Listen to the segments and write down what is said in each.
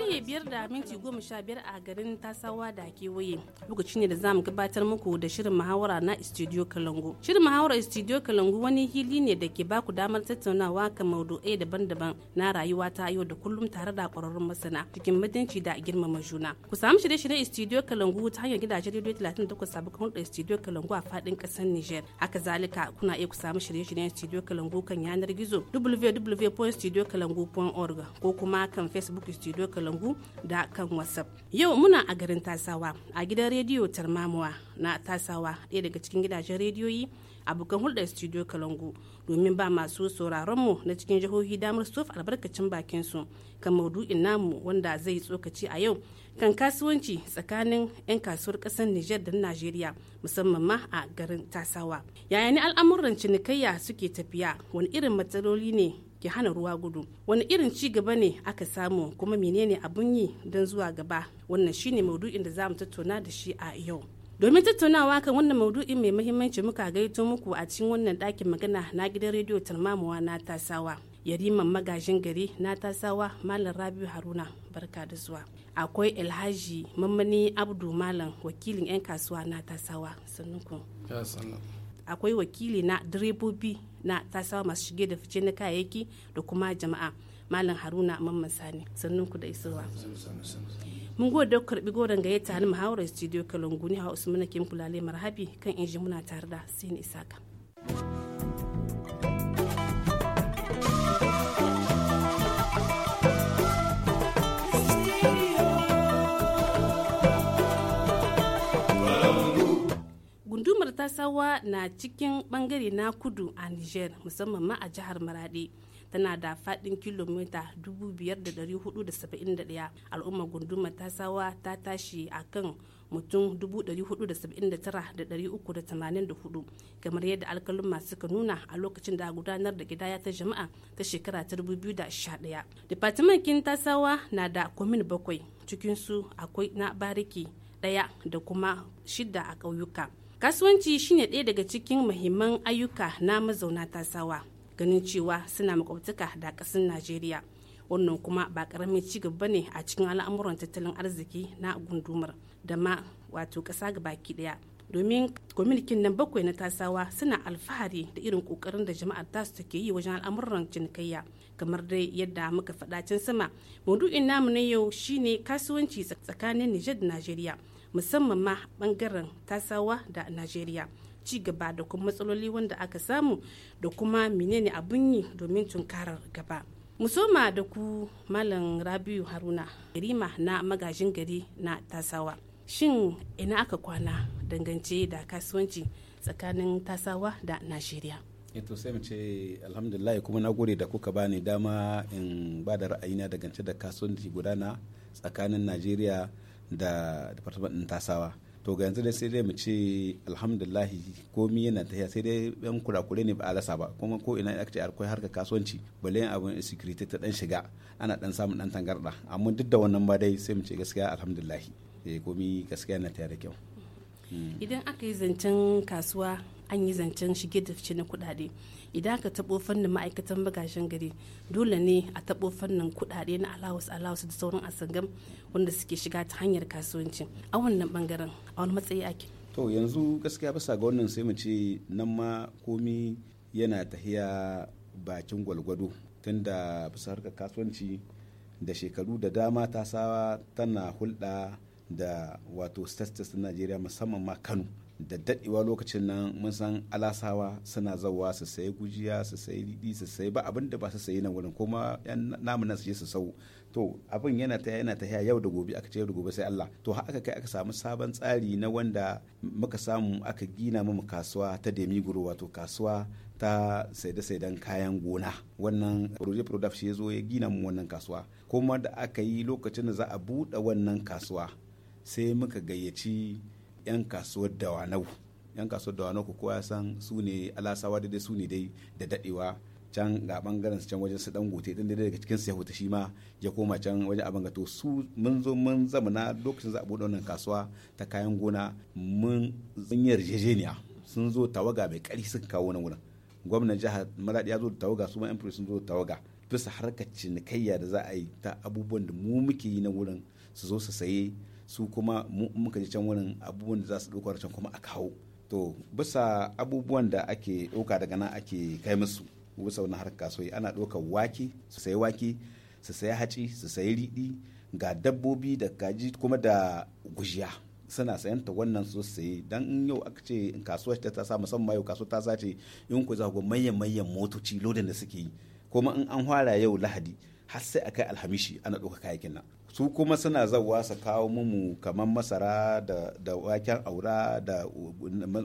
karye biyar da minti goma sha biyar a garin tasawa da kewaye lokaci ne da za mu gabatar muku da shirin muhawara na studio kalangu shirin muhawara studio kalangu wani hili ne da ke baku damar tattaunawa kan maudu'ai daban-daban na rayuwa ta yau da kullum tare da kwararrun masana cikin mutunci da girmama juna ku samu shirye-shirye studio kalangu ta hanyar gidajen radio 38 sabon hulɗar studio kalangu a faɗin ƙasar niger haka zalika kuna iya ku samu shirye-shiryen studio kalangu kan yanar gizo www.studiokalangu.org ko kuma kan facebook studio kalangu kalangu da kan whatsapp yau muna a garin tasawa a gidan rediyo tarmamuwa na tasawa ɗaya daga cikin gidajen rediyoyi a bukan hulɗar studio kalangu domin ba masu sauraron mu na cikin jihohi damar sof albarkacin bakin su kan maudu'in namu wanda zai tsokaci a yau kan kasuwanci tsakanin 'yan kasuwar ƙasar Nijar da Najeriya musamman ma a garin Tasawa. Yaya ne al'amuran cinikayya suke tafiya wani irin matsaloli ne ke hana ruwa gudu wani irin ci gaba ne aka samu kuma menene abun yi don zuwa gaba wannan shine maudu'in da za mu tattauna da shi a yau domin tattaunawa kan wannan maudu'in mai muhimmanci muka gaito muku a cikin wannan ɗakin magana na gidan rediyo talmamuwa na tasawa yariman magajin gari na tasawa malam rabiu haruna barka da zuwa akwai alhaji mammani abdu malam wakilin 'yan kasuwa na tasawa ku akwai wakili na direbobi na tasawa masu shige da fice na kayayyaki da kuma jama'a malam haruna mamman sani sannan ku da isowa mun gode da karbi ga yata hannun muhawarar studio kalanguni hawa usmana kim kulale marhabi kan injin muna tare da sai ni isaka gundumar tasawa na cikin bangare na kudu a niger musamman ma a jihar maradi tana da faɗin kilomita 5,471 al'ummar gundumar tasawa ta tashi a kan mutum 479,384 kamar yadda alkalin ka nuna a lokacin da gudanar da gidaya ta jama'a ta shekara ta 2011 departamentin tasawa na da komin bakwai cikinsu akwai na bariki daya da kuma shida a ƙauyuka kasuwanci shine ɗaya daga cikin mahimman ayyuka na mazauna tasawa ganin cewa suna makwabtaka da ƙasar najeriya wannan kuma ba ƙaramin ci gaba ne a cikin al'amuran tattalin arziki na gundumar da ma wato ƙasa baki ɗaya domin kwamilkin nan bakwai na tasawa suna alfahari da irin kokarin da jama'ar tasu take yi wajen al'amuran cinikayya kamar dai yadda muka faɗa can sama maudu'in namu na yau shine kasuwanci tsakanin nijar da najeriya musamman ma bangaren tasawa da najeriya ci gaba da kuma matsaloli wanda aka samu da kuma menene abun yi domin tunkarar gaba musoma da ku malam rabiu haruna rima na magajin gari na tasawa shin ina aka kwana dangance da kasuwanci tsakanin tasawa da najeriya eh to sai mu ce alhamdulillah kuma na gode da kuka bani dama in ba da ra'ayina dangance da kasuwanci gudana tsakanin najeriya da department ɗin tasawa to ga yanzu dai sai dai mu ce alhamdulillah komi yana tafiya sai dai yan kurakure ne ba a rasa ba kuma ko ina ake ce akwai harkar kasuwanci bale abin security ta dan shiga ana dan samun dan tangarda amma duk da wannan ba dai sai mu ce gaskiya alhamdulillah eh komi gaskiya yana tafiya da kyau hmm. idan aka yi zancen kasuwa an yi zancen shige da fice na kuɗaɗe idan ka taɓo fannin ma'aikatan magashin gari dole ne a taɓo fannin kuɗaɗe na alawus alawus da sauran asangam wanda suke shiga ta hanyar kasuwanci a wannan bangaren a wani matsayi ake to yanzu gaskiya basa ga wannan sai mu ce nan ma komi yana tahiya bakin gwalgwado tunda bisa harkar kasuwanci da shekaru da dama ta sawa tana hulɗa da wato states na najeriya musamman ma kano da daɗewa lokacin nan mun san alasawa suna zawa su sayi gujiya su sayi riɗi su sayi ba abin da ba su sayi nan wurin kuma yan namu nan su je su sau to abin yana ta yana ta yau da gobe aka ce yau da gobe sai Allah to har aka kai aka samu sabon tsari na wanda muka samu aka gina mu kasuwa ta guru wato kasuwa ta saida saidan kayan gona wannan project product shi ya zo ya gina mu wannan kasuwa kuma da aka yi lokacin da za a buɗe wannan kasuwa sai muka gayyaci 'yan kasuwar dawanau yan kasuwar dawanau ku koya san su ne alasawa dai su ne dai da dadewa can ga bangaren can wajen su dan gote din daga cikin su ya huta shi ma ya koma can wajen abin ga to su mun zo mun zama na lokacin za a bude wannan kasuwa ta kayan gona mun zan yarjejeniya sun zo tawaga mai kari sun kawo nan wurin gwamnan jihar maradi ya zo da tawaga su ma yan sun zo da tawaga bisa harkar cinikayya da za a yi ta abubuwan da mu muke yi na wurin su zo su saye su kuma muka je can wurin abubuwan da za su ɗauka can kuma a kawo to bisa abubuwan da ake ɗauka daga nan ake kai musu bisa wani harka kasuwa ana ɗaukar wake su sayi wake su sayi haci su sayi riɗi ga dabbobi da kaji kuma da gujiya suna sayan ta wannan su sayi dan in yau aka ce in kasuwa ta ta sa musamman yau kasuwa ta sa ce in ku za ku manyan manyan motoci lodin da suke yi kuma in an fara yau lahadi har sai akai alhamishi ana ɗauka kayakin nan su kuma suna zauwa su kawo mu kamar masara da, waken aura da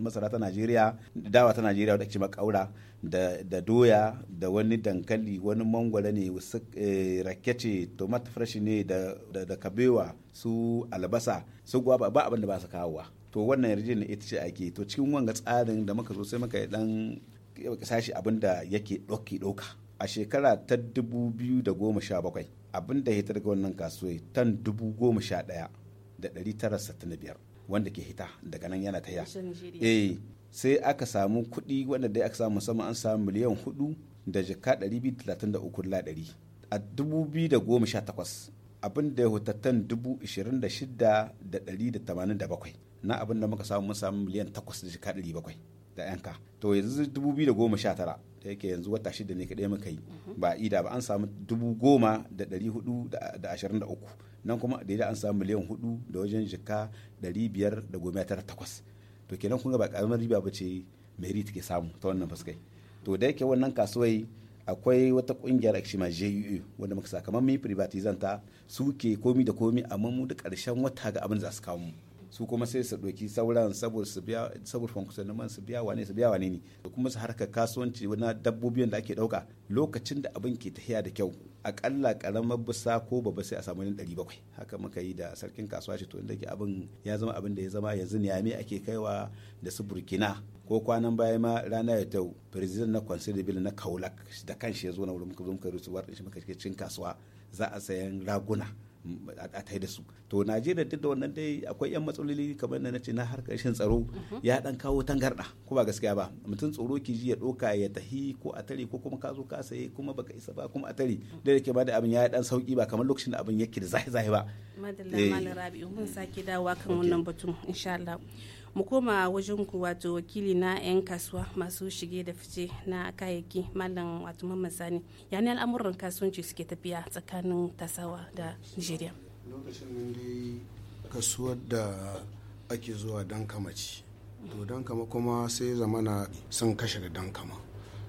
masara ta najeriya dawa ta najeriya wadda makaura da, doya da wani dankali wani mangwara ne eh, rakece tomato fresh ne da, da, kabewa su albasa su guwa ba abin da ba su kawowa to wannan na ita ce ake to cikin wanga tsarin da muka zo sai muka dan eh, sashi abin da yake ɗauki ɗauka a shekara ta 2017 abin da hita daga wannan kasuwa tan 11,965 wanda ke hita daga nan yana taya eh sai aka samu kuɗi wanda dai aka samu musamman an samu miliyan 4 da jika 233 a 2018 abin da ya hutattan 26,187 na abin da muka samu mun samu miliyan 8 da jika 700 da 'yanka to yanzu 2019 da yake yanzu wata shida ne kaɗai muka yi ba ida ba an samu dubu goma nan kuma da an samu miliyan hudu da wajen jika ɗari da goma tara to kenan kunga ba ƙaramin riba ba ce mai take samu ta wannan fuskai to da yake wannan kasuwai akwai wata kungiyar akshima JUE wanda muka sakamakon mai privatizanta suke komi da komi amma mu da karshen wata ga abin za su kawo mu su kuma sai su ɗauki sauran saboda su man su biya wane su biya wane ne da kuma su harka kasuwanci na dabbobin da ake ɗauka lokacin da abin ke tahiya da kyau akalla karamar bisa ko babba sai a samu nan ɗari bakwai haka muka yi da sarkin kasuwa shi to inda ke abin ya zama abin da ya zama yanzu niyami ake kaiwa da su burkina ko kwanan baya ma rana ya tau president na bill na kaulak da kanshi ya zo na wurin muka zo muka shi muka cikin kasuwa za a sayan raguna a tai da su to najeriya duk da wannan dai akwai yan matsaloli kamar na nace na harkar shin tsaro ya dan kawo tangarda ko ba gaskiya ba mutum tsoro ki ji ya doka ya tahi ko a tare ko kuma ka zo ka saye kuma baka isa ba kuma a tare da yake ba da abin ya dan sauki ba kamar lokacin da abin yake da zahi zahi ba madallah malam eh. mun sake dawowa kan wannan batun insha Allah mu koma wajen ku wato wakili na 'yan kasuwa masu shige da fice na kayayyaki malam wato mamman sani ne al'amuran kasuwanci suke tafiya tsakanin tasawa da nigeria lokacin nan dai kasuwar da ake zuwa dan kamaci to dan kama kuma sai zamana sun kashe da dan kama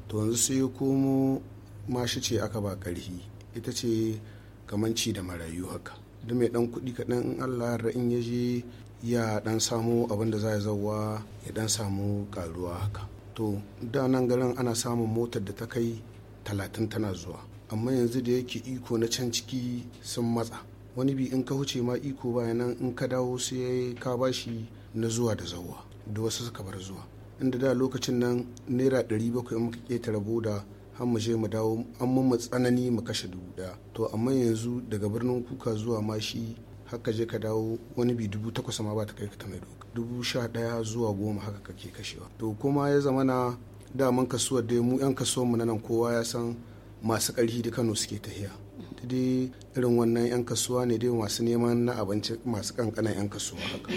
to yanzu sai komo mashi ce aka ba karhi ita ce kamanci da marayu haka da mai dan kuɗi kaɗan in allah in ya je ya dan samu abin da za zauwa ya dan samu karuwa haka to da nan garin ana samun motar da ta kai talatin tana zuwa amma yanzu da yake iko na can ciki sun matsa wani bi in ka wuce ma iko nan in ka dawo sai ka bashi na zuwa da zauwa da wasu suka bar zuwa inda da lokacin nan naira ɗari bakwai muka ƙetare boda har mu je mu dawo an mu tsanani mu kashe dubu ɗaya. to amma yanzu daga birnin kuka zuwa mashi haka je ka dawo wani bi dubu takwas ma ba ta kai ka ta mai dubu sha ɗaya zuwa goma haka kake kashewa to kuma ya zama na daman kasuwar dai mu yan kasuwar mu na nan kowa ya san masu ƙarfi da kano suke tahiya dai irin wannan yan kasuwa ne dai masu neman na abinci masu kankanan yan kasuwa haka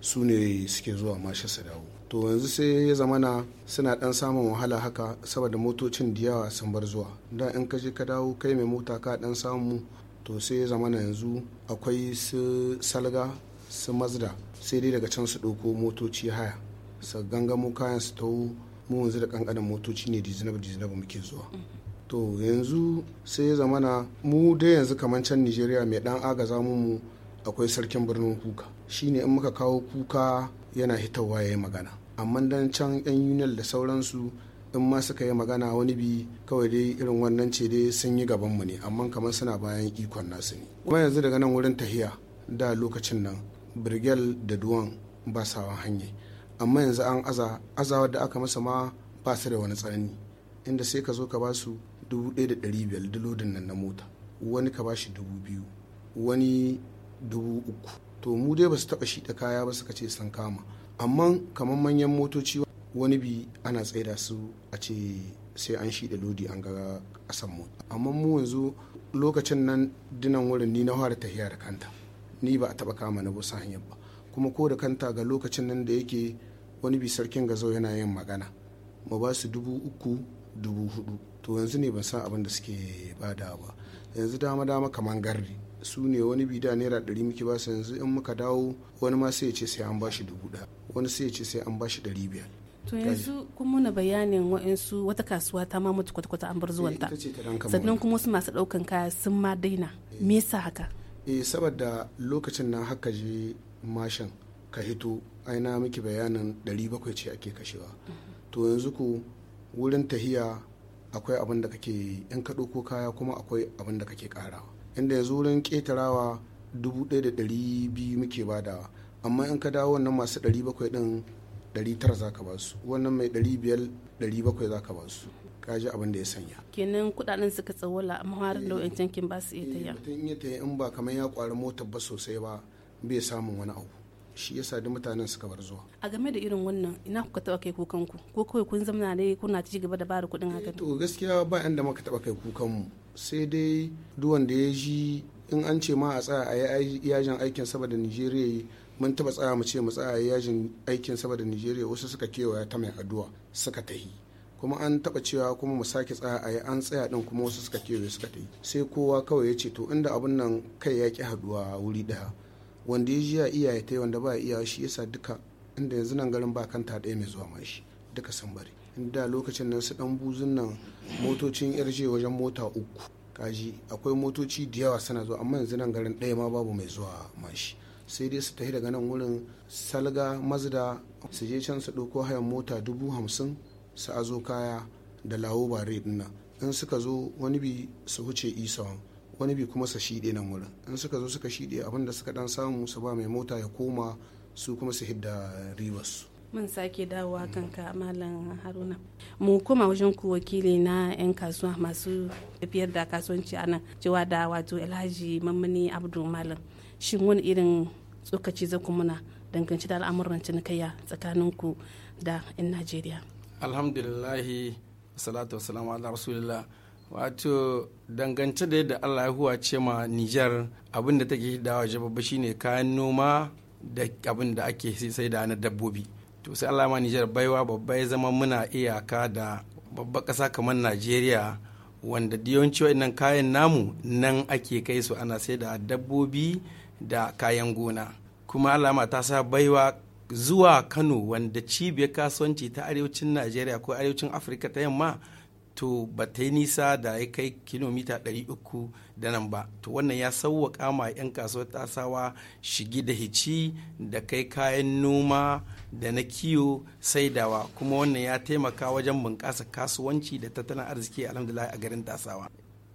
su ne suke zuwa mashi su dawo to yanzu sai ya zama na suna dan samun wahala haka saboda motocin da yawa sun bar zuwa da in ka je ka dawo kai mai mota ka dan samu to sai zama na yanzu akwai su salga su mazda sai dai daga can su ɗauko motoci haya su gangamo kayan su tawo mu yanzu da kankanin motoci ne dizinabu dizinabu muke zuwa to yanzu sai zamana zama na mu dai yanzu kamar can nigeria mai dan zamu mu akwai sarkin birnin kuka shine in muka kawo kuka yana hitawa ya yi magana amma dan can yan union da sauransu in ma suka yi magana wani bi kawai dai irin wannan ce dai sun yi gaban mu ne amma kamar suna bayan ikon nasu ne kuma yanzu daga nan wurin tahiya da lokacin nan birgel da duwan ba sa hanya amma yanzu an aza azawar da aka masa ma ba su da wani tsanani inda sai ka zo ka ba su dubu ɗaya da ɗari biyar da lodin nan na mota wani ka ba shi dubu biyu wani dubu uku to mu dai ba su taɓa shi da kaya ba suka ce sun kama amma kamar manyan motoci wani bi ana tsaida su a ce sai an shiɗe lodi an ga asan mu amma mu yanzu lokacin nan dinan wurin ni na fara tahiya da kanta ni ba a taba kama na busa hanyar ba kuma ko da kanta ga lokacin nan da yake wani bi sarkin gazau yana yin magana mu ba su dubu uku dubu hudu to yanzu ne ban san abin da suke bada ba yanzu dama dama kaman gardi su ne wani da naira ɗari muke ba su yanzu in muka dawo wani ma sai ya ce sai an ba shi dubu ɗaya wani sai ya ce sai an ba shi ɗari biyar to yanzu kun muna bayanin wa'insu wata kasuwa ta ma mutu kwata-kwata an bar eh, zuwanta sannan kuma wasu masu ɗaukan kaya sun ma daina eh. me yasa haka eh saboda lokacin na haka je mashin ka hito aina miki bayanin 700 ce ake kashewa mm-hmm. to yanzu ku wurin tahiya akwai abin da kake in ka ɗauko kaya kuma akwai abin da kake ƙarawa inda yanzu wurin ƙetarawa 1200 muke badawa amma in ka dawo wannan masu 700 din. 900 za ka ba su wannan mai 500 700 za ka ba su kaji abin da ya sanya kenan kudaden suka tsawola amma har da eh, wancan tankin ba su iya tayya eh, mutum iya tayya in ba kamar ya kwari mota ba sosai ba bai samun wani abu shi yasa da mutanen suka bar zuwa a game da irin wannan ina kuka taba kai kukan ku ko kawai kun zamana ne kuna ci gaba da bada kuɗin haka eh, to gaskiya ba yanda muka taba kai kukan mu sai dai duwan da ya ji in an ce ma a tsaya a yi yajin aikin saboda Nijeriya mun taba tsaya mu ce mu tsaya yajin aikin saboda Nigeria wasu suka kewaya ta mai addu'a suka tahi kuma an taba cewa kuma mu sake tsaya a yi an tsaya din kuma wasu suka kewaye suka tahi sai kowa kawai ya ce to inda abun nan kai ya ki haduwa wuri daya wanda ya jiya iyaye ta yi wanda ba iya shi yasa duka inda yanzu nan garin ba kanta ɗaya mai zuwa ma shi duka sun bari inda lokacin nan su dan buzun nan motocin yarje wajen mota uku kaji akwai motoci da yawa suna zuwa amma yanzu nan garin ɗaya ma babu mai zuwa ma shi. sai dai su tafi daga nan wurin salga mazda su je can su ɗauko hayan mota dubu hamsin su zo kaya da lawo ba nan in suka zo wani bi su huce isawan wani bi kuma su shiɗe nan wurin in suka zo suka shiɗe abin da suka dan samu su ba mai mota ya koma su kuma su hidda ribas mun sake dawowa kanka malam haruna mu kuma wajen ku wakili na 'yan kasuwa masu tafiyar da kasuwanci a nan cewa da wato alhaji mammani abdul malam shin wani irin tsokaci za ku muna dangance da al'amuran cinikayya tsakaninku da 'yan najeriya alhamdulillahi salatu wasalamu ala rasulillah wato dangance da yadda allah ya huwa ce ma nijar abin da take dawa shi shine kayan noma da abin da ake sai da na dabbobi to sai allah ma nijar baiwa babba ya zama muna iyaka da babba kasa kamar najeriya wanda yawanci wa'annan kayan namu nan ake kai su ana sai da dabbobi da kayan gona kuma alama ta sa baiwa zuwa kano wanda cibiyar kasuwanci ta arewacin najeriya ko arewacin afirka ta yamma to ba ta yi nisa da ya kai kilomita 300 da nan ba to wannan ya sauwaƙa ma 'yan kasuwar tasawa shigi da hici da kai kayan noma da na kiwo saidawa kuma wannan ya taimaka wajen bunƙasa kasuwanci da tattalin arziki alhamdulillah a garin tasawa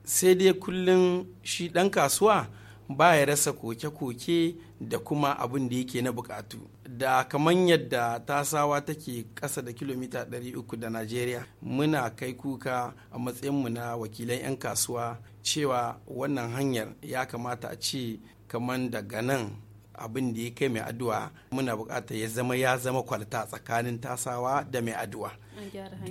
sai dai kullum shi ɗan kasuwa ba ya rasa koke-koke da kuma abin da yake na bukatu da kamar yadda tasawa take ƙasa da kilomita 300 da najeriya muna kai kuka a matsayinmu na wakilan 'yan kasuwa cewa wannan hanyar ya kamata a ce kamar daga nan abin da ya kai mai addu'a muna bukatar ya zama ya zama kwalta tsakanin tasawa da mai addu'a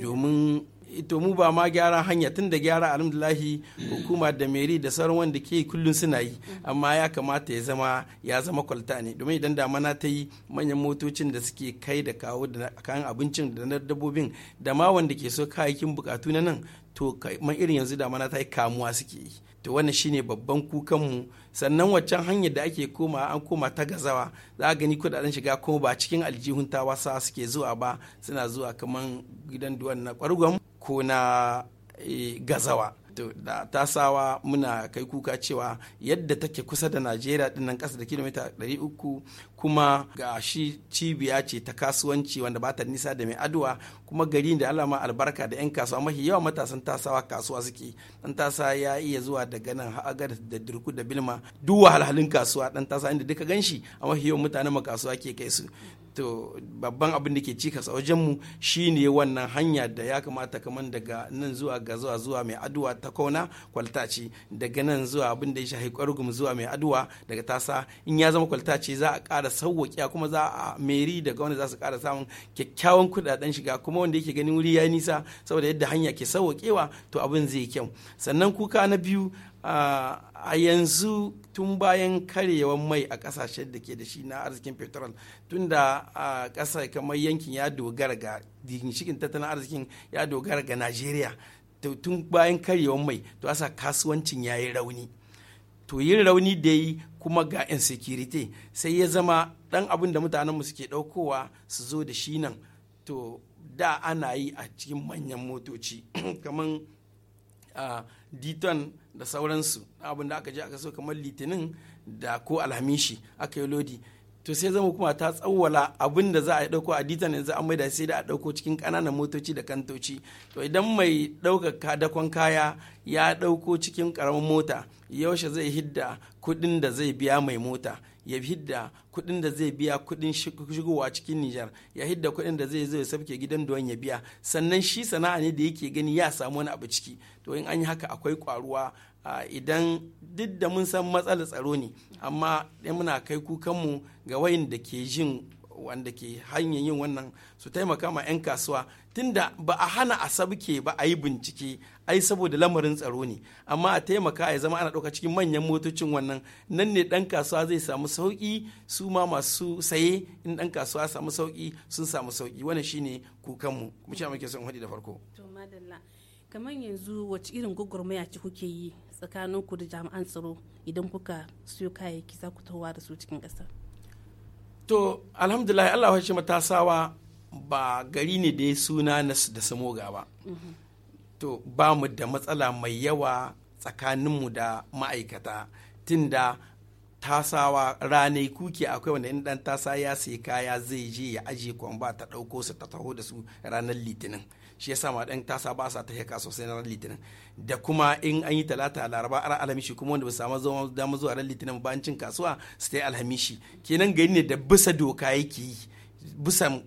domin to mu ba ma gyara hanya tun da gyara alhamdulahi hukuma da meri da sauran wanda ke kullun suna yi amma ya kamata ya zama ya zama kwalta ne domin idan da mana ta yi manyan motocin da suke kai da kawo da kayan abincin da na dabbobin da ma wanda ke so kayayyakin bukatu na nan to irin yanzu da mana ta yi kamuwa suke yi to wannan shine babban kukan mu sannan waccan hanyar da ake koma an koma ta gazawa za a gani kudaden shiga kuma ba cikin aljihun ta sa suke zuwa ba suna zuwa kamar gidan duwan na kwargon ko na eh, gazawa da tasawa muna kai kuka cewa yadda take kusa da najeriya dinnan kasa da kilomita 300 kuma ga shi cibiya ce ta kasuwanci wanda ba ta nisa da mai aduwa kuma gari da alama albarka da 'yan kasuwa mafi yawan matasan tasawa kasuwa suke dan tasa ya iya zuwa daga nan ha'agar da dirku da bilma duk wahalhalun kasuwa dan tasa inda duka ganshi a mafi yawan mutanen kasuwa ke kai su to babban abin da ke cikas a wajenmu shine wannan hanya da ya kamata kamar daga nan zuwa ga zuwa zuwa mai aduwa ta kauna kwaltaci daga nan zuwa abin da ya shahi kwargum zuwa mai aduwa daga tasa in ya zama kwaltaci za a ƙara sauwaƙiya kuma za a meri daga wanda za su ƙara samun kyakkyawan kuɗaɗen shiga kuma wanda yake ganin wuri ya nisa saboda yadda hanya ke sauwaƙewa to abin zai kyau sannan kuka na biyu a yanzu tun bayan karyewan mai a kasashen da ke da shi na arzikin petrol tun da a kamar yankin ya dogara ga ginshikin tattalin arzikin ya dogara ga najeriya tun bayan karyewan mai to asa kasuwancin ya yi rauni to yi rauni da yi kuma ga insecurity sai ya zama dan abin da mutanenmu suke daukowa su zo da shi nan to da ana yi a cikin manyan motoci kamar a diton da sauransu abin da aka je aka so kamar litinin da ko alhamishi aka yi lodi to sai zama kuma ta tsawwala abin da za a dauko a diton yanzu an maida sai da a dauko cikin kananan motoci da kantoci to idan mai ɗaukaka dakon kaya ya dauko cikin karamin mota yaushe zai hidda kuɗin da zai biya mai mota ya hidda kuɗin da zai biya kuɗin shigowa cikin Nijar ya hidda kuɗin da zai zo ya sabke gidan don ya biya sannan shi sana'a ne da yake gani ya samu wani abu ciki to in an yi haka akwai kwaruwa idan duk da mun san matsalar tsaro ne amma muna kai kukanmu ga wayin da ke jin wanda ke hanyar yin wannan su taimaka ma 'yan kasuwa tunda ba a hana a sabke ba a yi bincike ai saboda lamarin tsaro ne amma a taimaka ya zama ana ɗauka cikin manyan motocin wannan nan ne ɗan kasuwa zai samu sauƙi su ma masu saye in ɗan kasuwa samu sauƙi sun samu sauƙi wannan shine kukanmu kuma shi muke son haɗi da farko. to madalla kamar yanzu wace irin gwagwarmaya ce kuke yi tsakaninku da jami'an tsaro idan kuka siyo kayayyaki za ku tahowa da su cikin ƙasa. to alhamdulillah allah ya matasawa ba gari ne da ya suna da samoga ba to ba mu da matsala mai yawa tsakaninmu da ma'aikata tunda tasawa ranai kuke akwai wanda in dan tasa ya sai kaya zai je ya ajiye kwamba ta ɗauko su ta taho da su ranar litinin shi yasa ma dan tasa ba sa ta heka sosai na litinin da kuma in an yi talata laraba ara alhamishi kuma wanda ba samu zama dama zuwa ran litinin ba an cin kasuwa su ta yi alhamishi kenan gani ne da bisa doka yake yi bisa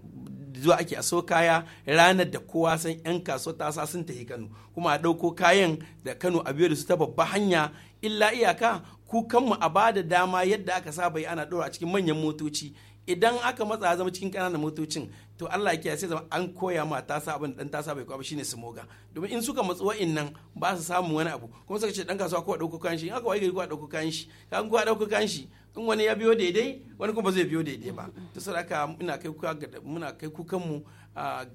zuwa ake aso kaya ranar da kowa san yan kasuwa tasa sun tafi kano kuma a ɗauko kayan da kano a biyo da su ta babba hanya illa iyaka kukanmu a bada dama yadda aka saba yi ana ɗora cikin manyan motoci idan aka matsa zama cikin ƙananan motocin to Allah ya kiyaye sai zama an koya ma tasa abin dan sa bai kwa ba shine smoga domin in suka matsu wa'annan ba su samu wani abu kuma suka ce dan kasuwa ko dauko kan shi in aka wai gari ko dauko kan shi kan ko dauko kan shi in wani ya biyo daidai wani kuma ba zai biyo daidai ba to saboda muna kai kuka ga muna kai kukan mu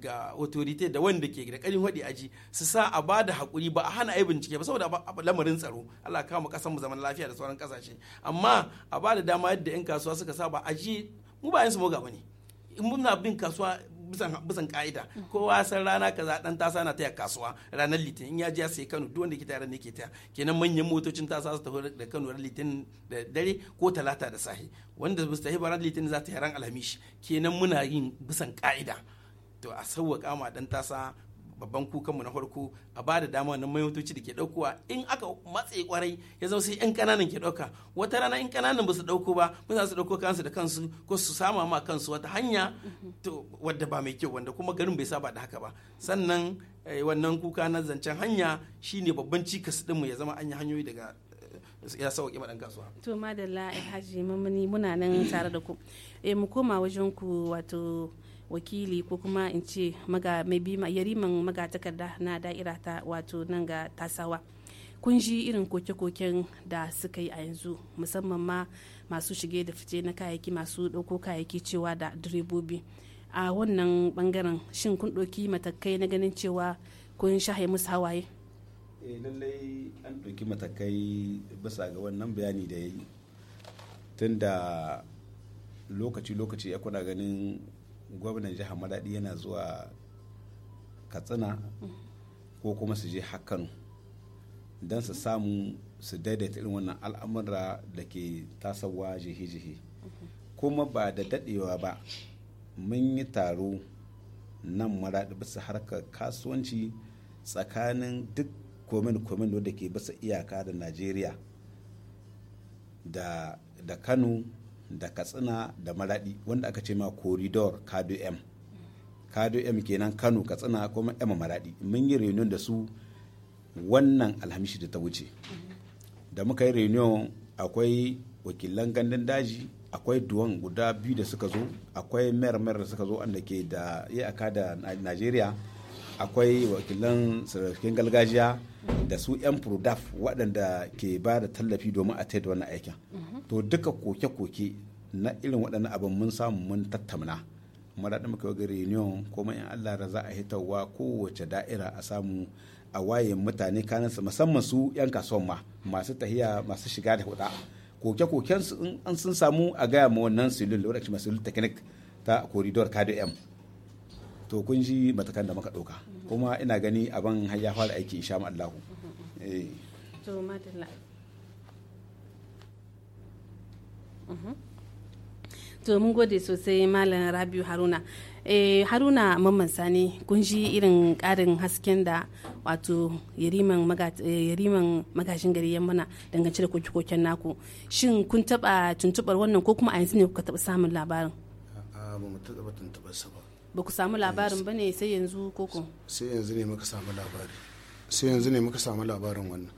ga authority da wanda ke da karin wadi aji su sa a bada hakuri ba a hana aibin bincike ba saboda lamarin tsaro Allah kawo mu kasan mu zaman lafiya da sauran kasashe amma a bada dama yadda yan kasuwa suka saba aji mu ba yan smoga bane in muna bin kasuwa bisan ka'ida kowa san rana kaza dan tasa na taya kasuwa ranar litinin ya je sai Kano duk wanda ke tare ne ke taya kenan manyan motocin tasa su tafi da Kano ran litinin da dare ko talata da sahi wanda su tafi ran litinin za ta yi ran alhamishi kenan muna yin bisan ka'ida to a sauwaka ma dan tasa babban kukanmu na farko a bada da dama na mayotoci da ke ɗaukowa in aka matse kwarai ya zama sai yan kananan ke dauka wata rana in kananan ba su dauko ba za su dauko kansu da kansu ko su sama ma kansu wata hanya to wadda ba mai kyau wanda kuma garin bai saba da haka ba sannan eh, wannan kuka na zancen hanya shine babban cikas mu ya zama an hanyoyi daga eh, ya sauƙi maɗan kasuwa. To madalla Alhaji Mamuni muna nan tare da ku. Eh, mu koma wajen ku wato wakili ko kuma in ce mai bi yariman na da'ira ta wato nan ga tasawa kun ji irin koke-koken da suka yi a yanzu musamman ma masu shige da fice na kayayyaki masu dauko kayayyaki cewa da direbobi a wannan bangaren shin kun ɗauki matakai na ganin cewa kun shahe musu hawaye eh lallai an ɗauki matakai bisa ga wannan bayani da ya yi tun da lokaci-lokaci ya kuna ganin gwamnan jihar madadi yana zuwa katsina ko kuma su je hakkanu don su samu su daidaita irin wannan al'amura da ke tasawa jihe-jihe kuma ba da dadewa ba mun yi taro nan maraɗi bisa harkar kasuwanci tsakanin duk komin-komin da ke bisa iyaka da najeriya da kano da katsina da maradi wanda aka ce ma koridor kado m kado m kenan kano katsina kuma m maradi mun yi reunion da su wannan alhamishi da ta wuce da muka yi reunion akwai wakilan gandun daji akwai duwan guda biyu da suka zo akwai mayar mayar da suka zo wanda ke da aka da najeriya akwai wakilan sarakin gargajiya da su 'yan prodaf waɗanda ke ba da tallafi domin a taida wannan aikin to duka koke-koke na irin waɗannan abin mun samu mun mara da muka ga reunion kuma in allah da za a hitarwa kowace da'ira a samu a waye mutane kanansu musamman su 'yan kasuwan ma masu tahiya masu shiga da huda koke-koken su an sun samu a gaya ma wannan silin lura masu technique ta koridor kado m to kun ji matakan da muka ɗauka. kuma ina gani abin har ya fara aiki insha Allah eh. mhm. to mun gode sosai malam rabiu haruna eh, haruna mamman sani kun irin karin hasken da wato yariman magashin eh, gari ya mana dangance da koke-koken naku shin kun taba tuntubar wannan ko kuma a yanzu ne kuka taba samun labarin ba mu taba tuntubar sa ba ba ku samu labarin ba ne sai yanzu koko sai yanzu ne muka samu labari sai yanzu ne muka samu labarin wannan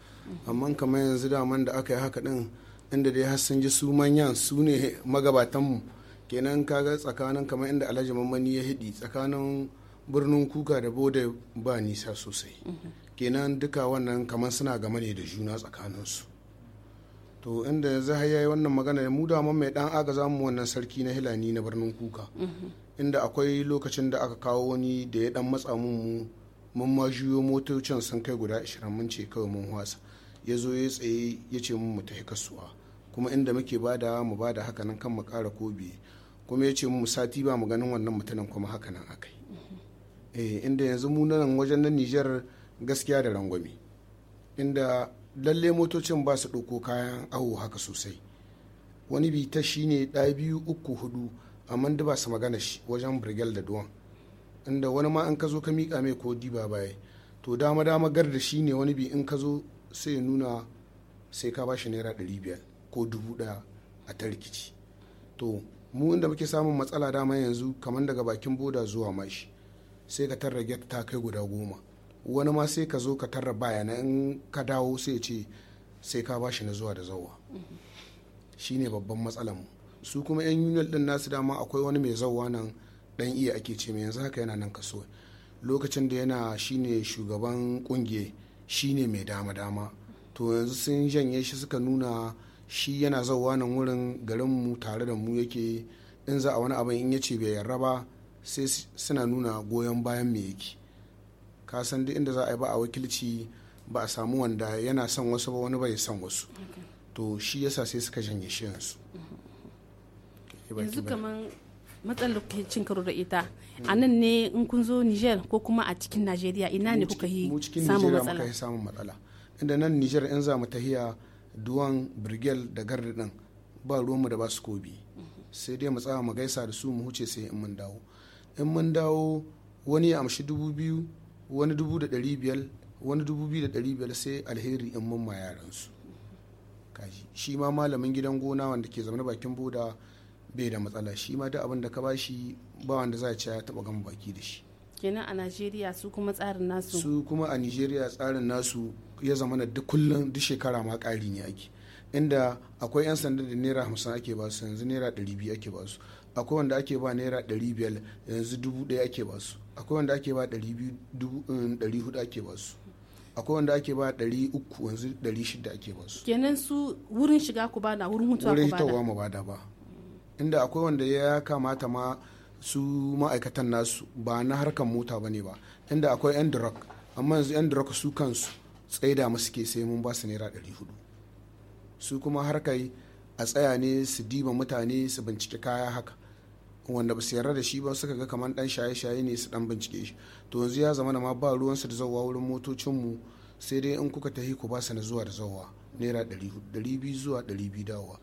amma kamar yanzu daman da aka yi haka din inda dai har sun ji su manyan su ne magabatanmu kenan kaga tsakanin kamar inda alhaji mamani ya hidi tsakanin birnin kuka da bode ba nisa sosai kenan duka wannan kamar suna game ne da juna tsakaninsu to inda yanzu har yayi wannan magana mu da mai dan aga zamu wannan sarki na hilani na birnin kuka inda akwai lokacin da aka kawo wani da ya dan matsa mu mun ma juyo motocin sun kai guda 20 mun ce kawai mun wasa ya zo ya tsaye ya ce mun mu tafi kasuwa kuma inda muke bada mu bada haka nan kan mu kara kobi kuma ya ce mu sati ba mu ganin wannan mutumin kuma haka nan akai eh inda yanzu mu nan wajen na Niger gaskiya da rangwame inda lalle motocin ba su doko kayan awo haka sosai wani bita shine ɗaya biyu uku hudu amma duk ba su magana shi wajen brigel da duwan inda wani ma an ka zo ka miƙa mai ko diba baya to dama dama gar da shi ne wani bi in ka zo sai ya nuna sai ka bashi naira ɗari biyar ko dubu ɗaya a ta rikici to mu inda muke samun matsala dama yanzu kamar daga bakin boda zuwa mashi sai ka tarra get ta kai guda goma wani ma sai ka zo ka tarra baya na in ka dawo sai ce sai ka bashi na zuwa da zawa shine babban matsalar mu su kuma yan union din nasu dama akwai wani mai zauwa nan dan iya ake ce mai yanzu haka yana nan kaso lokacin da yana shine shugaban kungiye shine mai dama dama to yanzu sun janye shi suka nuna shi yana zauwa nan wurin garin mu tare da mu yake in za a wani abin in yace bai yarda ba sai suna nuna goyon bayan mai yake ka san duk inda za a yi ba a wakilci ba a samu wanda yana son wasu ba wani bai son wasu to shi yasa sai suka janye shi yanzu mm. yanzu kamar matsalar cin karo da ita a nan ne in kun zo niger ko kuma a cikin nigeria ina ne kuka yi samun matsala muka samun matsala inda nan niger in za mu tahiya duwan birgel da garda din ba ruwanmu da ba su kobi sai dai mu tsaya mu gaisa da su mu huce sai in mun dawo in mun dawo wani ya amshi dubu biyu wani dubu da ɗari biyar wani dubu biyu da ɗari biyar sai alheri in mun ma yaransu kaji shi ma malamin gidan gona wanda ke zaune bakin boda bai da matsala shi ma duk abin da ka ba shi ba wanda za a ci ya taba gama baki da shi kenan a nigeria su kuma tsarin nasu su kuma a nigeria tsarin nasu ya zama na duk kullum duk shekara ma ƙari ne ake inda akwai 'yan sanda da naira hamsin ake ba su yanzu naira ɗari biyu ake ba su akwai wanda ake ba naira ɗari biyar yanzu dubu ɗaya ake ba su akwai wanda ake ba ɗari biyu dubu eh, ɗari hudu ake ba su akwai wanda ake ba ɗari uku yanzu ɗari shida ake ba su kenan su wurin shiga ku bada wurin hutawa ku wurin hutawa mu da ba inda akwai wanda ya kamata ma su ma'aikatan nasu ba na harkar mota ba ne ba inda akwai yan drug amma yanzu yan drug su kansu tsaida musu ke sai mun ba su naira 400 su kuma harkai a tsaya ne su diba mutane su bincike kaya haka wanda ba su yarda da shi ba suka ga kamar dan shaye-shaye ne su dan bincike shi to yanzu ya zama da ma ba ruwansu da zauwa wurin motocinmu sai dai in kuka tahi ku ba su na zuwa da zauwa naira 200 zuwa 200 dawowa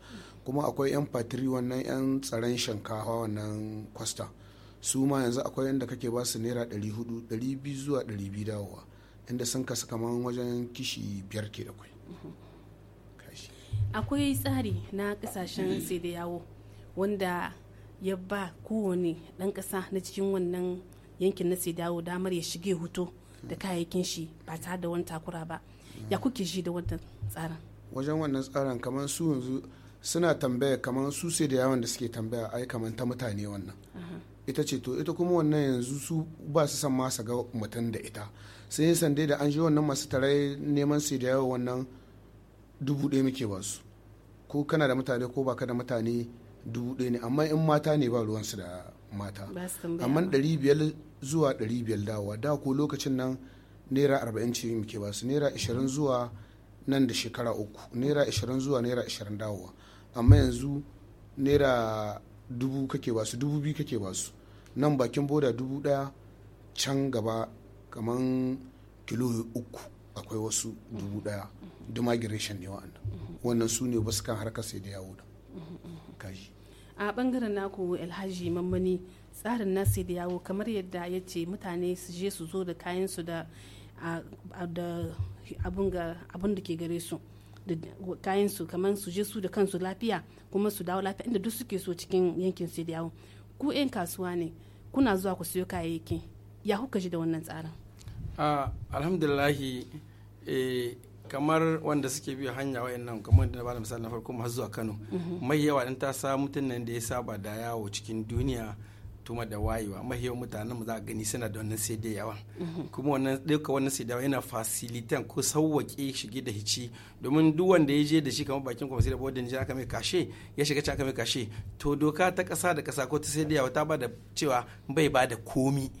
kuma akwai 'yan fatiri wannan 'yan tsaron shankawa wannan kwasta su ma yanzu akwai yadda kake ba su naira 400 200 zuwa 200 dawowa inda sun kasu kamar wajen kishi biyar ke da kwai akwai tsari na kasashen mm. sai da yawo wanda ya ba kowane dan kasa na cikin wannan yankin na sai dawo damar ya shige hutu da kayayyakin shi ba tare da wani takura ba ya mm. kuke shi da wannan tsarin wajen wannan tsarin kamar su yanzu suna tambaya kamar su sai da yawan da suke tambaya ai kamar ta mutane wannan ita ce to ita kuma wannan yanzu su ba su san masa ga mutum da ita sai yin sande da an je wannan masu tarai neman sai da yawa wannan dubu ɗaya muke ba su ko kana da mutane ko ba ka da mutane dubu ɗaya ne amma in mata ne ba ruwansu da mata amma ɗari biyar zuwa ɗari biyar dawowa da ko lokacin nan naira arba'in ce muke ba su naira ashirin zuwa nan da shekara uku naira ashirin zuwa naira ashirin dawowa amma yanzu naira dubu kake basu dubu biyu kake basu nan bakin boda dubu daya can gaba kaman kilo uku akwai wasu dubu daya da ne wa'annan wannan su ne basu kan harkar sai da yawo kaji a bangaren naku alhaji mammani tsarin na sai da yawo kamar yadda ya ce mutane su je su zo da kayan su da abin da ke gare su da kayan su kamar su je su da kansu lafiya kuma su dawo lafiya inda duk suke so cikin yankin su da yawo ku 'yan kasuwa ne kuna zuwa ku siyo kayayyaki ya kuka ji da wannan tsarin ah, kamar wanda suke biyo hanya wayannan kamar da ba da misali na farko har zuwa Kano mhm. mai yawa dan ta sa mutum da ya saba da yawo cikin duniya tuma da wayewa mahiyar mutanen mu za a gani suna da wannan sai da yawa mhm. kuma wannan ɗauka wannan sai da yawa yana fasilitan ko sauwaƙe shige da hici domin duk wanda ya je da shi kamar bakin kwamfasi da bodin ji aka mai kashe ya shiga ci aka mai kashe to doka ta ƙasa da ƙasa ko ta sai da yawa ta ba da cewa bai ba da komi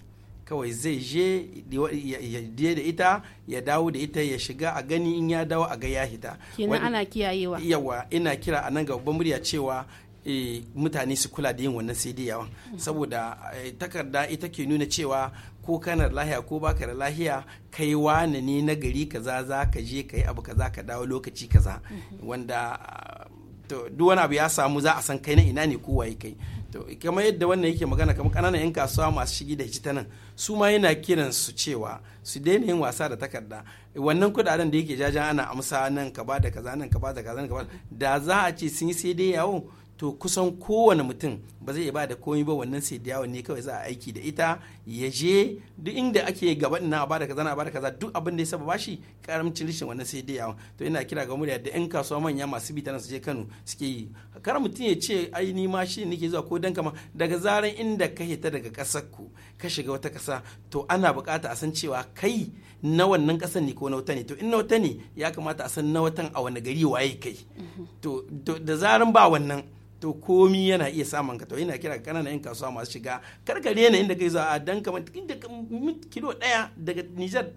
kawai zai je ya je da ita ya dawo da ita ya shiga a gani in ya dawo a ga ya hita. Kenan ana kiyayewa. Yawa ina kira a nan ga babban murya cewa E, mutane su kula da yin wannan sai dai yawan saboda eh, takarda ita ke nuna cewa ko kana lahiya ko baka da lahiya kai wani ne na gari kaza za ka je ka yi abu kaza ka dawo lokaci kaza wanda ah, to duk wani abu ya samu za a san kai na ina ne ko waye kai to kamar yadda wannan yake magana kamar kananan yan kasuwa masu shigi da hijita nan su ma yana kiran su cewa su daina yin wasa da takarda wannan kudaden da yake jajan ana amsa nan ka ba da kaza nan ka ba da kaza nan ka ba da za a ce sun yi sai dai yawo to kusan kowane mutum ba zai ba da komai ba wannan sai da ne kawai za a aiki da ita ya je duk inda ake gaba ina a bada kaza na bada kaza duk abin da ya saba bashi karamcin rishin wannan sai da to ina kira ga murya da yan kasuwa manya masu bi su je Kano suke yi kar mutum ya ce ai ni ma shi nake zuwa ko dan kama daga zaran inda ka hita daga kasar ku ka shiga wata kasa to ana bukata a san cewa kai na wannan kasar ne ko na wata ne to in na wata ne ya kamata a san na watan a wani gari waye kai mm-hmm. to da zaran ba wannan to komi yana iya samun ka to yana kira na yin kasuwa masu shiga karkare na inda kai za a dan kamar kilo daya daga Nijar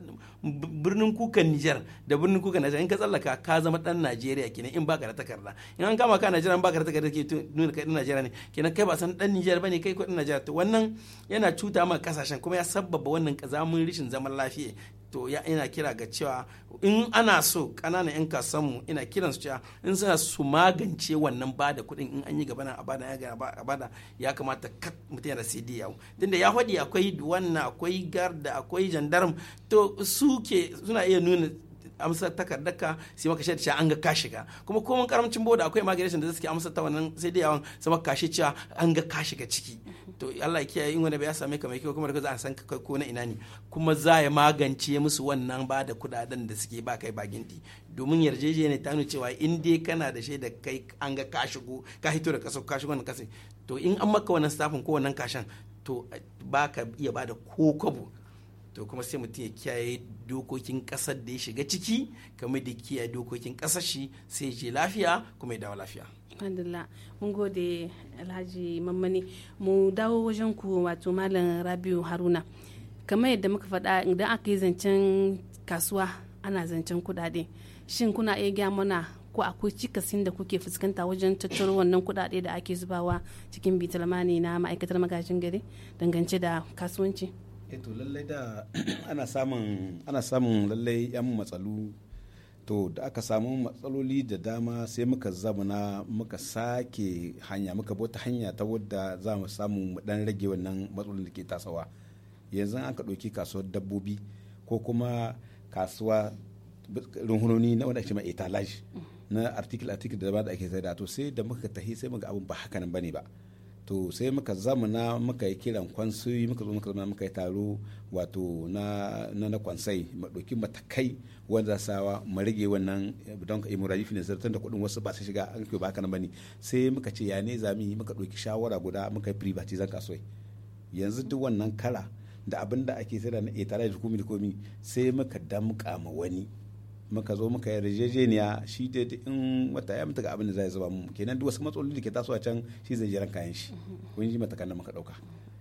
birnin kukan Nijar da birnin kukan Najeriya in ka tsallaka ka zama dan Najeriya kenan in baka da takarda in an kama ka Najeriya in baka da takarda ke nuna kai dan Najeriya ne kenan kai ba san dan Nijar bane kai ko dan Najeriya to wannan yana cuta ma kasashen kuma ya sabbaba wannan kazamin rishin zaman lafiya to ya ina kira ga cewa in ana so ƙananan 'yan kasanmu ina kiransu cewa in suna su magance wannan bada kuɗin in an yi gaba na abada ya abada ya kamata kat mutum ya rasi diya tunda ya faɗi akwai duwanna akwai garda akwai jandarm to suke suna iya nuna amsa takardaka sai maka shaida cewa an ga ka shiga kuma komai karamcin boda akwai immigration da suke amsa ta wannan sai dai yawan sai maka kashe cewa an ga ka shiga ciki to Allah ya in wani ya same ka mai kyau kuma da za a san ka ko na ina ne kuma za ya magance musu wannan ba da kudaden da suke ba kai ba ginti domin yarjejeniya ta nuna cewa in dai kana da shaida kai an ga ka shigo ka hito da kaso ka shigo na kasa to in an maka wannan staffin ko wannan kashan to ba ka iya ba da ko kwabo to kuma sai mutum ya kiyaye dokokin kasar da ya shiga ciki kamar da kiyaye dokokin kasar shi sai ya je lafiya kuma ya dawo lafiya alhamdulillah mun gode alhaji mammani mu dawo wajen ku wato malam rabiu haruna kamar yadda muka faɗa idan aka yi zancen kasuwa ana zancen kuɗaɗe shin kuna iya gaya mana ko akwai cikasin da kuke fuskanta wajen tattaro wannan kuɗaɗe da ake zubawa cikin bitalmani na ma'aikatar magajin gari dangance da kasuwanci eto eh lallai da ana samun ana samun lallai yan matsalu to da aka samu matsaloli da dama sai muka zamana muka sake hanya muka bota hanya ta wadda za mu samu dan rage wannan matsalolin da ke tasawa yanzu an ka ɗauki kasuwar dabbobi ko kuma kasuwa runhunoni na wanda ake ma etalage na article article da da ake da to sai da muka tahi sai muka abun ba haka nan bane ba to sai muka zamana muka yi kiran kwansoyi muka zo muka zama muka yi taro wato na na, kwansai mu matakai wanda sawa mu rage wannan don ka imuraji fi zartar da kuɗin wasu ba su shiga an ba haka bane sai muka ce ya ne zami muka doki shawara guda muka yi zan kasuwai yanzu duk wannan kala da abin da ake sayar na etara da komi da komi sai muka damƙa ma wani muka zo muka yarjejeniya shi da in wata ya mutu ga abin da zai zuba mu kenan duk wasu matsaloli da ke tasowa can shi zai jiran kayan shi kun ji mata da muka dauka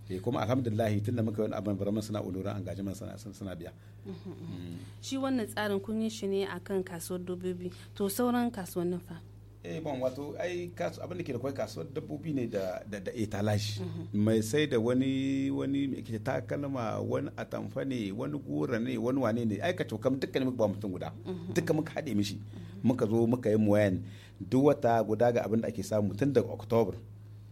eh kuma alhamdulillah tun da muka wani abin barman suna ulura an gaji sana suna biya mm-hmm. shi wannan tsarin kun yi shi ne akan kasuwar dobobi to sauran kasuwannin fa eh bon wato ai abin da ke da kwai kasuwar dabbobi ne da da da etalage. Mhm. mai sai da wani wani me ke takalma wani atamfa ne wani gora ne wani wane ne ai ka kam dukkan muka ba mutum guda mhm. dukkan muka haɗe mishi mhm. muka zo muka yi muwayan duk wata guda ga abin da ake samu tun daga october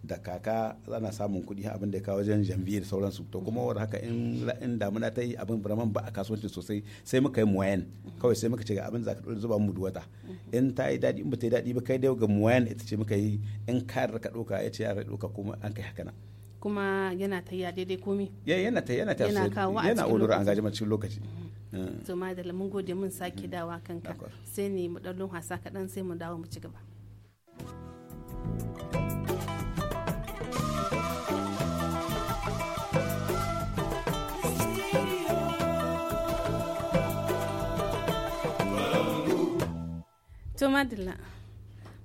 da kaka ana samun kuɗi abin da ya kawo wajen janvier da sauransu to kuma war haka in damuna ta yi abin buraman ba a kasuwancin sosai sai muka yi moyen kawai sai muka ce ga abin zaka zuba mu duwata in ta yi daɗi in ba ta yi daɗi ba kai dai ga moyen ita ce muka yi in kayar ka ɗauka ya ce yara ɗauka kuma an kai haka kuma yana ta yi daidai komi yana ta yana ta yana kawo yana odoro an gaji cikin lokaci mm. Mm. to da mun gode mun sake mm. dawa kanka sai ne mu ɗan lunhasa kaɗan sai mu dawo mu ci gaba to madalla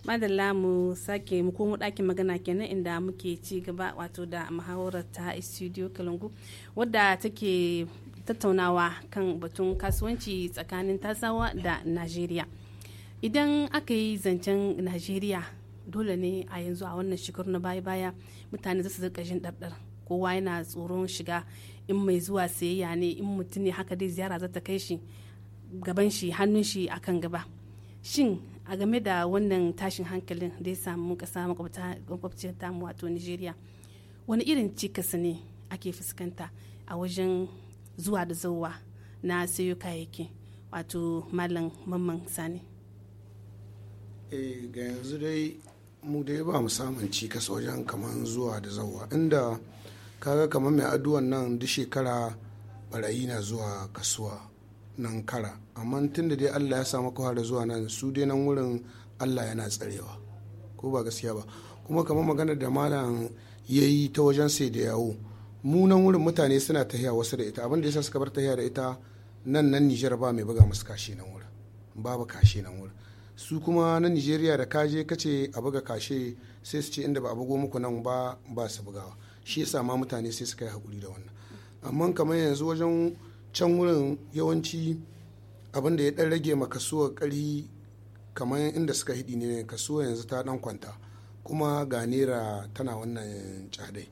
madalla mu sake mu komo ɗakin magana kenan inda muke ci gaba wato da muhawarar ta studio kalungu wadda take tattaunawa kan batun kasuwanci tsakanin tasawa da najeriya idan aka yi zancen najeriya dole ne a yanzu a wannan shekaru na baya-baya mutane za su zirka jin ɗarɗar kowa yana tsoron shiga in mai zuwa sayayya ne in mutum ne haka dai ziyara zata ta kai shi gaban shi hannun shi akan gaba shin a game da wannan tashin hankalin da ya samu kasa makwabciyar tamu wato nigeria wani irin cikas ne ake fuskanta a wajen zuwa da zauwa na sayo kayayyaki wato malam mamman sani eh, ga yanzu dai mu dai ba mu samun cikas wajen kaman zuwa da zauwa inda kaga kamar mai aduwan nan duk shekara barayi na zuwa kasuwa nan kara amma tun da dai allah ya samu kawar zuwa nan su dai nan wurin allah yana tsarewa ko ba gaskiya ba kuma kamar maganar da malam ya yi ta wajen sai da yawo mu nan wurin mutane suna tahiya wasu da ita abin da sa suka bar tahiya da ita nan nan nijar ba mai buga musu kashe nan wurin babu kashe nan wurin su kuma na nigeria da kaje kace a buga kashe sai su ce inda ba a bugo muku nan ba ba su bugawa shi yasa ma mutane sai suka yi hakuri da wannan amma kamar yanzu wajen can wurin yawanci abin da ya dan rage ma kasuwar ƙarfi kamar inda suka hidi ne kasuwar yanzu ta dan kwanta kuma ga naira tana wannan cadai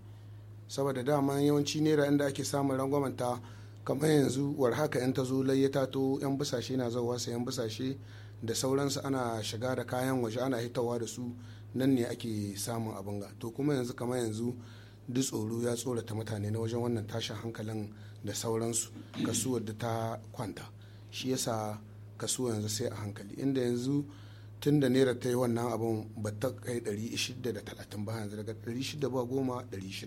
saboda dama yawanci naira inda ake samun rangwamanta kamar yanzu war haka yan ta zo lai ta to yan busashe na zauwa yan busashe da sauransu ana shiga da kayan waje ana hitawa da su nan ne ake samun abin ga to kuma yanzu kamar yanzu duk tsoro ya tsorata mutane na wajen wannan tashin hankalin da sauransu kasuwar da ta kwanta shi yasa kasuwa yanzu sai a hankali inda yanzu tun da naira ta yi wannan abin ba ta kai 630 ba yanzu daga 610 600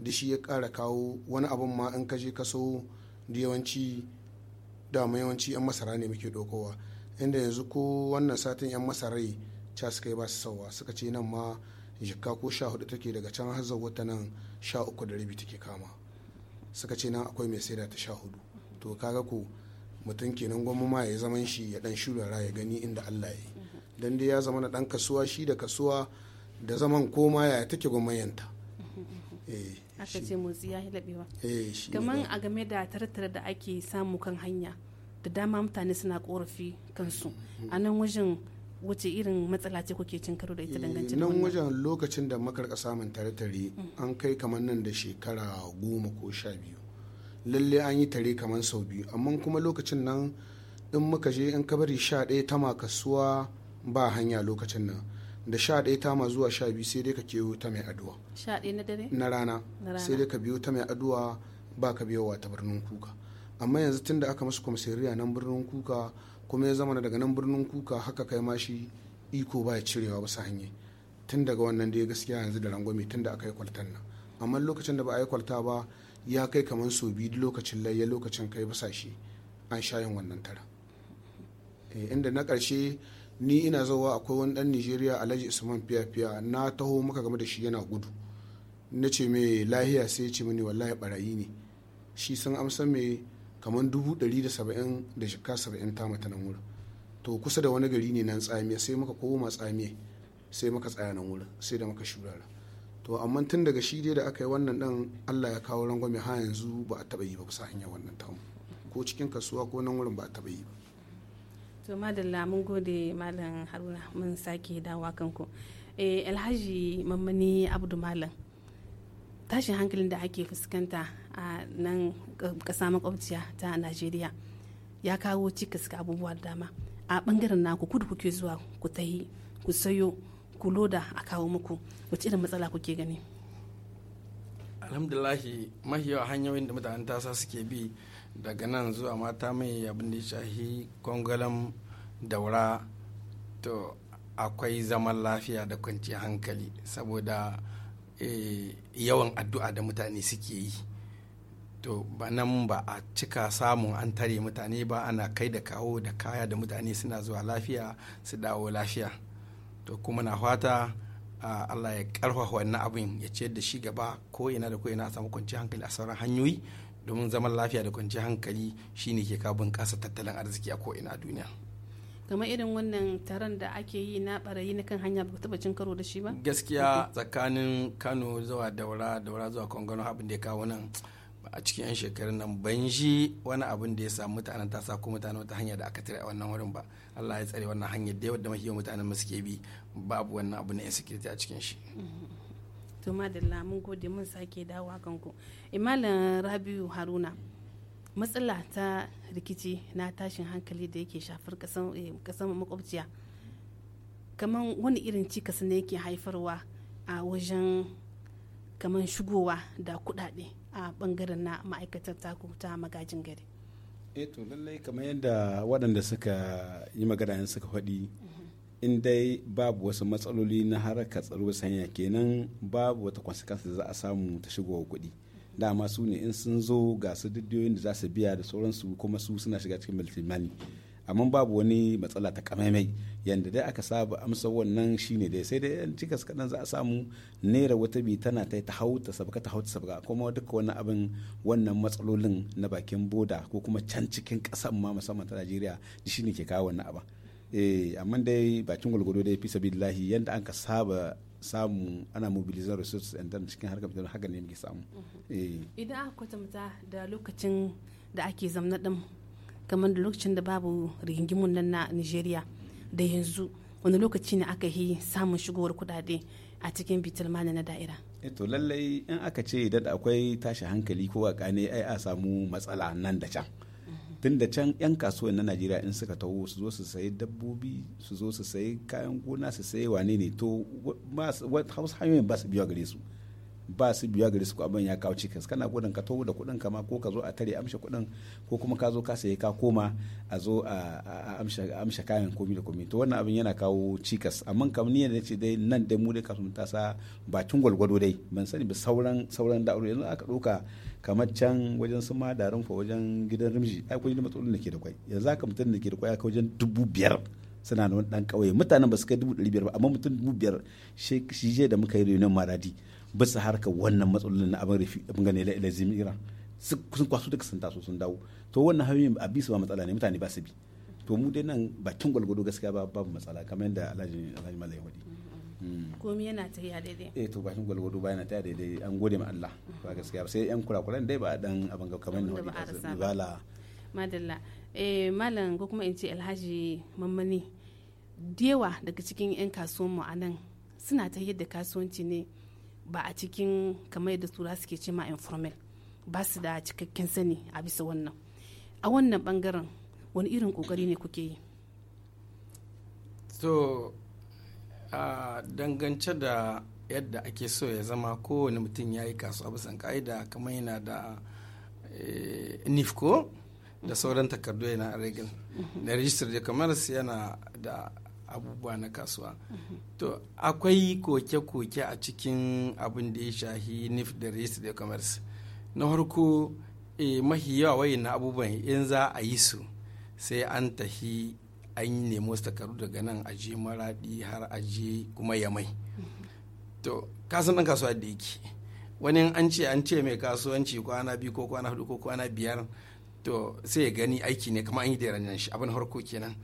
da shi ya kara kawo wani abin ma in kaje kaso da yawanci dama yawanci 'yan masara ne muke dokowa inda yanzu ko wannan satin 'yan masarai ca suka yi ba su sauwa suka ce nan ma jikka ko sha hudu take daga can har wata nan sha uku da rabi take kama suka ce nan akwai mai saida ta sha hudu to kaga ko mutum kenan gwamma ma ya zaman shi ya dan shulara ya gani inda Allah ya yi dan dai ya zama na dan kasuwa shi da kasuwa da zaman koma ya take gwamnati. eh aka ce motsi ya hilabewa eh, kaman a game da tattara da ake samu kan hanya da dama mutane suna korafi kansu a nan wajen wace irin matsala ce kuke cin karo da ita dangance eh, nan wajen lokacin da kasa samun tare-tare an kai kamar nan da shekara goma ko sha biyu lalle an yi tare kamar sau biyu amma kuma lokacin nan in muka je in kabari sha ɗaya ma kasuwa ba hanya lokacin nan da sha ɗaya ma zuwa sha biyu sai dai ka kewo ta mai aduwa sha ɗaya na dare na rana sai dai ka biyo ta mai aduwa ba ka biyowa ta birnin kuka amma yanzu tunda aka masu kwamsiriya nan birnin kuka kuma ya zama daga nan birnin kuka haka kai ma shi iko baya ya cirewa wasu hanye tun daga wannan da ya gaskiya yanzu da rangwame tun da aka yi kwaltan nan amma lokacin da ba a yi kwalta ba ya kai kamar so biyu lokacin laye lokacin kai basa shi an sha wannan tara eh, inda na karshe ni ina zauwa akwai wani dan nigeria alhaji usman fiya-fiya na taho muka game da shi yana gudu na ce mai lahiya sai ya ce mini wallahi barayi ne shi sun amsa mai kamar dubu ɗari da saba'in da shika saba'in ta mata nan wurin to kusa da wani gari ne nan tsamiya sai muka koma tsamiya sai muka tsaya nan wurin sai da muka shurara to amma tun daga shi dai da aka yi wannan ɗan allah ya kawo rangwame ha yanzu ba a taɓa yi ba kusa hanyar wannan tamu ko cikin kasuwa ko nan wurin ba a taɓa yi ba to madalla mun gode malam haruna mun sake dawa kanku eh alhaji mammani abdu malam tashin hankalin da ake fuskanta a nan ƙasa makwabciya ta najeriya ya kawo cikas ga abubuwa da dama a na naku kudu kuke zuwa ku tahi ku sayo ku loda a kawo muku wace irin matsala kuke gani alhamdulahi mahi yawa hanyoyin da mutanen tasa suke bi daga nan zuwa mata mai abin da ya shahi kongolam daura to akwai zaman lafiya da kwanciyar hankali saboda eh, yawan addu'a da mutane suke yi to ba nan ba a cika samun an tare mutane ba ana kai da kawo da kaya da mutane suna zuwa lafiya su dawo lafiya to kuma na fata allah ya karfafa wannan abin ya ciyar da shi gaba ko ina da ko ina a samu kwanciyar hankali a sauran hanyoyi domin zaman lafiya da kwanciyar hankali shine ke kawo bunƙasa tattalin arziki a ko ina a duniya kamar irin wannan taron da ake yi na barayi na kan hanya ba taba cin karo da shi ba gaskiya tsakanin kano zuwa daura daura zuwa kwangano abin da ya kawo nan a cikin 'yan shekarun nan ban ji wani abin da ya samu mutanen ta sa ko mutane wata hanya da aka tare a wannan wurin ba Allah ya tsare wannan hanyar da wadda mafi mutanen ke bi babu wannan abu na insecurity a cikin shi to madalla mun gode mun sake dawo kan ku imalan eh, rabiu haruna matsala ta rikici na tashin hankali da yake shafar kasan eh, makwabciya kamar wani irin cikas ne yake haifarwa a wajen kamar shigowa da kuɗaɗe. a bangaren na ma'aikatar taku ta magajin gari Eto eh lallai kamar yadda waɗanda suka yi magana suka faɗi in dai babu wasu matsaloli na harkar tsaro sanya kenan babu wata consequence da za a samu ta shigowa kuɗi dama su ne in sun zo ga su diddiyoyin da za su biya da sauransu kuma su suna shiga cikin multimani amma babu wani matsala ta kamaimai yadda dai aka saba amsa wannan shine dai sai dai yan cikas kadan za a samu naira wata bi tana ta ta hau ta sabka ta hau sabka kuma duka wani abin wannan matsalolin na bakin boda ko kuma can cikin ƙasar ma musamman ta najeriya shine ke kawo wannan abin eh amma dai bakin gwalgwado dai fi sabilillahi yadda an ka saba samu ana mobilizar resources and then cikin harkar fitar haka ne muke samu eh. idan aka kwatanta da lokacin da ake zamna din kamar da lokacin da babu rigingimun nan na nigeria da yanzu wani lokaci ne aka yi samun shigowar kudade a cikin bitar mana na da'ira eh to lallai in aka ce da akwai tashi hankali ko waka ne ai a samu matsala nan da can mhm. tun da can 'yan kasuwan na najeriya in suka taho su zo su sayi dabbobi su zo su sayi kayan gona su sayi wane ne to hausa hanyoyin ba su biya gare su ba su biya gare su ko abin ya kawo cikas kana gudun ka tobu da kuɗin kama ko ka zo a tare amsha kuɗin ko kuma ka zo ka saye ka koma a zo a amsha kayan komi da komi to wannan abin yana kawo cikas amma kam ni ne ce dai nan dai mu dai sun tasa tun gwalgwado dai ban sani ba sauran sauran aure yanzu aka ɗauka kamar can wajen su darin fa wajen gidan rimji ai da matsalolin da ke da kwai yanzu aka mutum da ke da kwai aka wajen dubu biyar suna da wani dan kauye mutanen ba su kai dubu ɗari biyar ba amma mutum dubu biyar shi da muka yi reunion maradi bisa harkar wannan matsalolin na abin rufi abin gane lazim iran sun kwaso duka sun taso sun dawo to wannan hanyoyin a bisu ba matsala ne mutane ba su bi to mu dai nan bakin gwalgwado gaskiya ba babu matsala kamar yadda alhaji alhaji malai wadi hmm. komi yana tafiya daidai eh to bakin gwalgwado ba yana tafiya daidai an gode ma Allah ba gaskiya ba sai yan kurakuran dai ba dan abin ga kamar yadda wadi bala madalla eh malam ko kuma in ce alhaji mammani dewa daga cikin yan kasuwan mu nan suna ta yadda kasuwanci ne ba a cikin kamar yadda tura suke ce ma informal ba su da cikakken sani a bisa wannan a wannan bangaren wani irin kokari ne kuke yi so a dangance da yadda ake so ya zama kowane mutum ya yi kasuwa bisan ka'ida kamar yana da eh, nifko da sauran takardu yana regal mhm. da rijistar da commerce yana da abubuwa na kasuwa to akwai koke-koke a cikin abin da ya shahi nif da Race da commerce na harko eh, mahi yawa na abubuwan in za a yi su sai an tahi an yi nemo takaru daga nan a ji maraɗi har a je kuma yamai to kasan ɗan kasuwa da yake wani an ce an ce mai kasuwanci kwana biyu ko kwana hudu ko kwana biyar to sai ya gani aiki ne kamar an yi da ranar shi abin harko kenan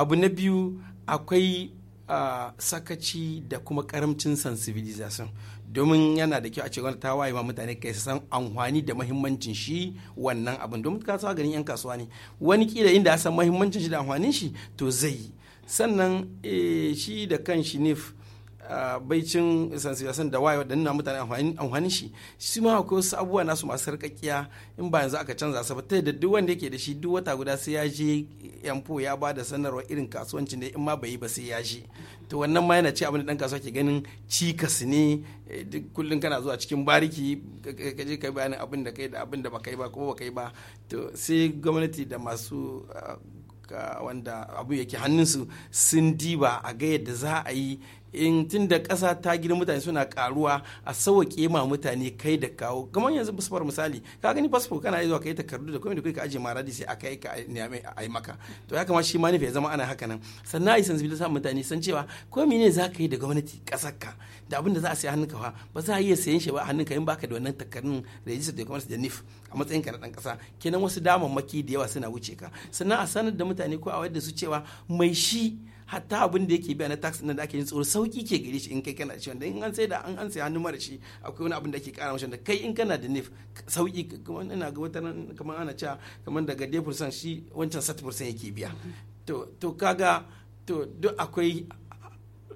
abu na biyu akwai uh, sakaci da kuma karamcin sensibilization domin yana da kyau a ce wani ta waye ma mutane kai san amfani da mahimmancin shi wannan abin domin ka sa ganin yan kasuwa ne wani kila inda ya san mahimmancin shi da amfanin shi to zai sannan e shi da kan shi nif baicin sansiyasan da wayewa da nuna mutane amfanin shi shi ma akwai wasu abubuwa nasu masu sarƙaƙiya in ba yanzu aka canza su ba ta yadda duk wanda yake da shi duk wata guda sai ya je yanfo ya ba da sanarwa irin kasuwanci ne in ma bai yi ba sai ya je to wannan ma yana ce abin da ɗan kasuwa ke ganin cikas ne eh, duk kullum kana zuwa cikin bariki ka je kai bayanin abin da kai da abin da baka yi ba ko baka yi ba to sai gwamnati da masu ah, wanda abu yake hannunsu sun diba a ga yadda za a yi in tun da ƙasa ta gina mutane suna karuwa a sauwaƙe ma mutane kai da kawo kamar yanzu fasfor misali ka gani fasfo kana zuwa kai takardu da kuma da kai ka aje maradi sai aka yi ka a yi maka to ya kamata shi ma nufi ya zama ana haka nan sannan ai sanzibi sa mutane san cewa ko mene za ka yi da gwamnati ƙasar ka da abin da za a sayi hannunka fa ba za a iya sayen shi ba hannunka in baka da wannan takardun rajistar da kuma da nif a matsayin ka na ɗan ƙasa kenan wasu damammaki da yawa suna wuce ka sannan a sanar da mutane ko a wayar su cewa mai shi hatta abin da yake biya na tax din da ake yin tsoro sauki ke gare shi in kai kana da shi wanda in an sai da an an sai hannu mara shi akwai wani abin da ake kara masa wanda kai in kana da nif sauki kuma ina ga wata kamar ana cewa kamar daga 10% shi wancan 7% yake biya to to kaga to duk akwai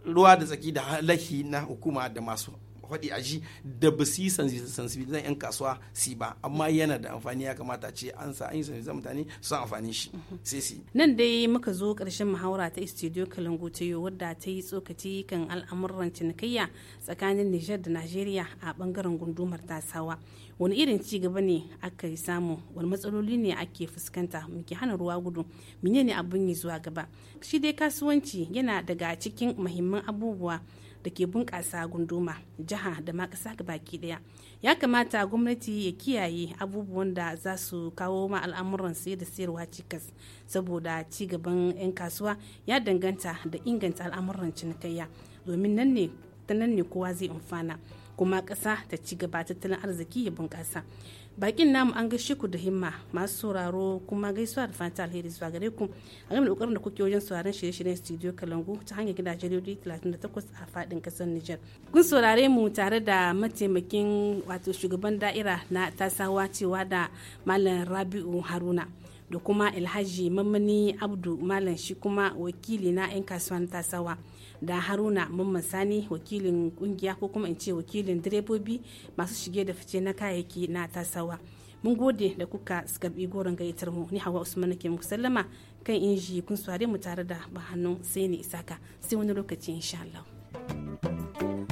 ruwa da tsaki da halaki na hukuma da masu faɗi a ji da ba su yi sensibilizan 'yan kasuwa si ba amma yana da amfani ya kamata ce an sa an yi sensibilizan mutane su amfani shi sai si nan dai muka zo ƙarshen muhawara ta studio kalangu ta yi wadda ta yi tsokaci kan al'amuran cinikayya tsakanin nijar da najeriya a bangaren gundumar tasawa wani irin ci gaba ne aka yi samu wani matsaloli ne ake fuskanta muke hana ruwa gudu menene abin yi zuwa gaba shi dai kasuwanci yana daga cikin muhimman abubuwa da ke bunƙasa gunduma jiha da ma ƙasa baki ɗaya ya kamata gwamnati ya kiyaye abubuwan da za su kawo ma al'amuran sayar da sayarwa cikas saboda cigaban 'yan kasuwa ya danganta da inganta al'amuran cinikayya domin nan ne ta nan ne kowa zai amfana kuma ƙasa ta ci gaba tattalin arziki ya bunƙasa bakin namu an gaishe ku da himma masu sauraro kuma gaisuwa da fata alheri zuwa gare ku a game da kokarin da kuke wajen sauraron shirye-shiryen studio kalangu ta hanyar gidajen rediyo 38 a fadin kasar Nijar. Kun saurare mu tare da mataimakin wato shugaban da'ira na tasawa cewa da Malam Rabi'u Haruna. da kuma ilhaji Mamani Abdu Malam shi kuma wakili na 'yan na tasawa. da haruna mamman sani wakilin kungiya ko kuma in ce wakilin direbobi masu shige da fice na kayayyaki na tasawa mun gode da kuka karbi goron gayyatar mu ni hawa usman ke muku sallama kan inji kun sware mu tare da bahannun sai ni isaka sai wani lokaci insha Allah